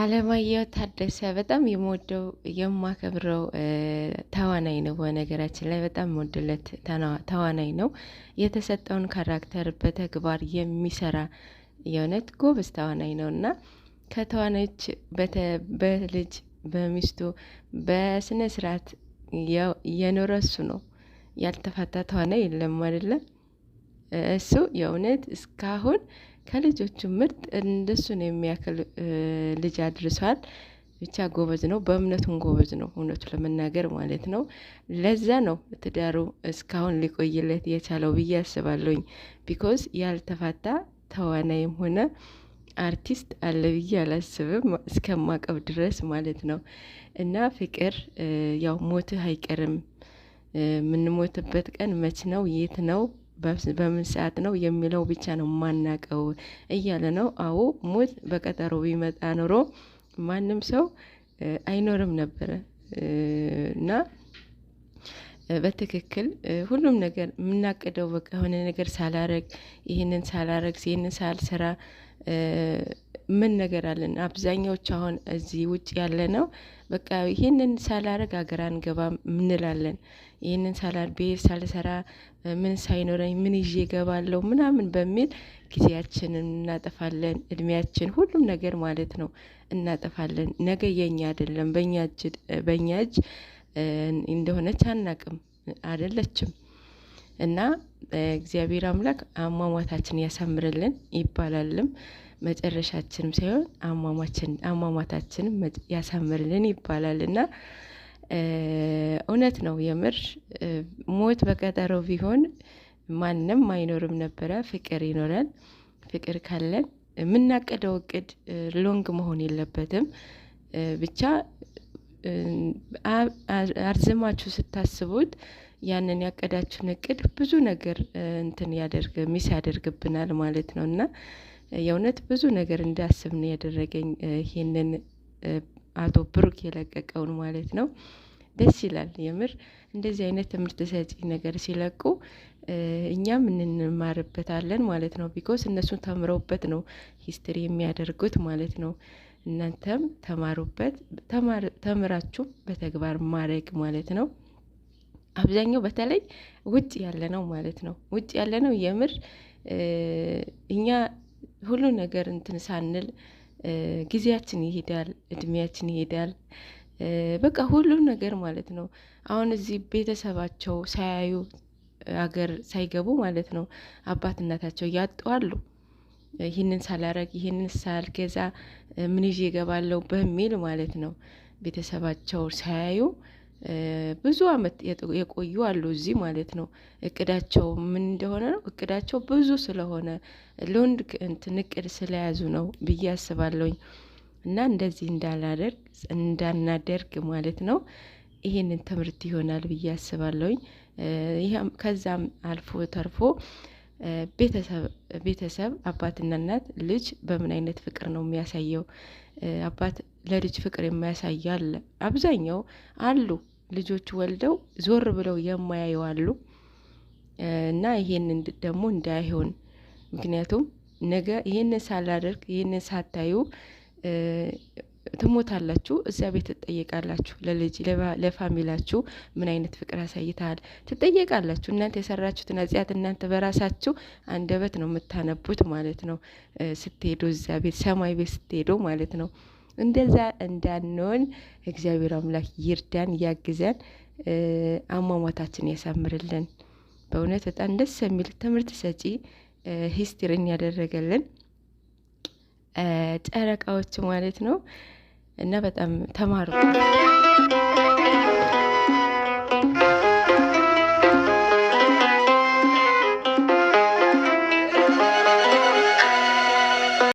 አለማየሁ ታደሰ በጣም የምወደው የማከብረው ተዋናይ ነው። በነገራችን ላይ በጣም የምወደለት ተዋናይ ነው። የተሰጠውን ካራክተር በተግባር የሚሰራ የእውነት ጎበዝ ተዋናይ ነው እና ከተዋናዮች በልጅ በሚስቱ በስነ ስርዓት የኖረ እሱ ነው። ያልተፋታ ተዋናይ የለም አይደለም። እሱ የእውነት እስካሁን ከልጆቹ ምርጥ እንደሱን የሚያክል ልጅ አድርሷል። ብቻ ጎበዝ ነው፣ በእምነቱን ጎበዝ ነው። እውነቱ ለመናገር ማለት ነው። ለዛ ነው ትዳሩ እስካሁን ሊቆይለት የቻለው ብዬ አስባለሁኝ። ቢኮዝ ያልተፋታ ተዋናይም ሆነ አርቲስት አለ ብዬ አላስብም እስከማቀብ ድረስ ማለት ነው። እና ፍቅር ያው ሞትህ አይቀርም። የምንሞትበት ቀን መች ነው? የት ነው? በምን ሰዓት ነው የሚለው ብቻ ነው ማናቀው እያለ ነው። አዎ ሞት በቀጠሮ ቢመጣ ኖሮ ማንም ሰው አይኖርም ነበረ እና በትክክል ሁሉም ነገር የምናቅደው በቃ የሆነ ነገር ሳላረግ ይህንን ሳላረግ ይህንን ሳልሰራ ምን ነገር አለን? አብዛኛዎች አሁን እዚህ ውጭ ያለ ነው በቃ ይህንን ሳላረግ ሀገር አንገባም እንላለን። ይህንን ሳላር ብሄር ሳልሰራ ምን ሳይኖረኝ ምን ይዤ ገባለሁ ምናምን በሚል ጊዜያችንን እናጠፋለን። እድሜያችን ሁሉም ነገር ማለት ነው እናጠፋለን። ነገ የኛ አይደለም በእኛ እጅ እንደሆነች አናቅም አይደለችም። እና እግዚአብሔር አምላክ አሟሟታችን ያሳምርልን ይባላልም። መጨረሻችንም ሳይሆን አሟሟታችን ያሳምርልን ይባላል እና እውነት ነው። የምር ሞት በቀጠሮ ቢሆን ማንም አይኖርም ነበረ። ፍቅር ይኖረን። ፍቅር ካለን የምናቅደው እቅድ ሎንግ መሆን የለበትም። ብቻ አርዝማችሁ ስታስቡት ያንን ያቀዳችውን እቅድ ብዙ ነገር እንትን ያደርግ ሚስ ያደርግብናል ማለት ነው እና የእውነት ብዙ ነገር እንዳስብ ነው ያደረገኝ ይህንን አቶ ብሩክ የለቀቀውን ማለት ነው። ደስ ይላል የምር እንደዚህ አይነት ትምህርት ሰጪ ነገር ሲለቁ እኛም እንማርበታለን ማለት ነው። ቢኮስ እነሱ ተምረውበት ነው ሂስትሪ የሚያደርጉት ማለት ነው። እናንተም ተማሩበት፣ ተምራችሁ በተግባር ማድረግ ማለት ነው። አብዛኛው በተለይ ውጭ ያለ ነው ማለት ነው። ውጭ ያለ ነው የምር እኛ ሁሉ ነገር እንትን ሳንል ጊዜያችን ይሄዳል፣ እድሜያችን ይሄዳል። በቃ ሁሉ ነገር ማለት ነው። አሁን እዚህ ቤተሰባቸው ሳያዩ አገር ሳይገቡ ማለት ነው አባት እናታቸው እያጡ ይህንን ሳላረግ ይህንን ሳልገዛ ምን ይዤ እገባለሁ በሚል ማለት ነው ቤተሰባቸው ሳያዩ ብዙ አመት የቆዩ አሉ እዚህ ማለት ነው። እቅዳቸው ምን እንደሆነ ነው። እቅዳቸው ብዙ ስለሆነ ለወንድ እንትን እቅድ ስለያዙ ነው ብዬ አስባለሁኝ። እና እንደዚህ እንዳላደርግ እንዳናደርግ ማለት ነው ይሄንን ትምህርት ይሆናል ብዬ አስባለሁኝ። ከዛም አልፎ ተርፎ ቤተሰብ አባትና እናት ልጅ በምን አይነት ፍቅር ነው የሚያሳየው? አባት ለልጅ ፍቅር የሚያሳይ አለ፣ አብዛኛው አሉ ልጆች ወልደው ዞር ብለው የማያየዋሉ አሉ እና ይሄንን ደግሞ እንዳይሆን ምክንያቱም ነገ ይህንን ሳላደርግ ይህንን ሳታዩ ትሞታላችሁ፣ እዚያ ቤት ትጠየቃላችሁ። ለልጅ ለፋሚላችሁ ምን አይነት ፍቅር አሳይተሃል ትጠየቃላችሁ። እናንተ የሰራችሁትን አጽያት እናንተ በራሳችሁ አንደበት ነው የምታነቡት ማለት ነው። ስትሄዱ እዚያ ቤት ሰማይ ቤት ስትሄዱ ማለት ነው። እንደዛ እንዳንሆን እግዚአብሔር አምላክ ይርዳን፣ ያግዘን፣ አሟሟታችን ያሳምርልን። በእውነት በጣም ደስ የሚል ትምህርት ሰጪ ሂስትሪን ያደረገልን ጨረቃዎች ማለት ነው እና በጣም ተማሩ።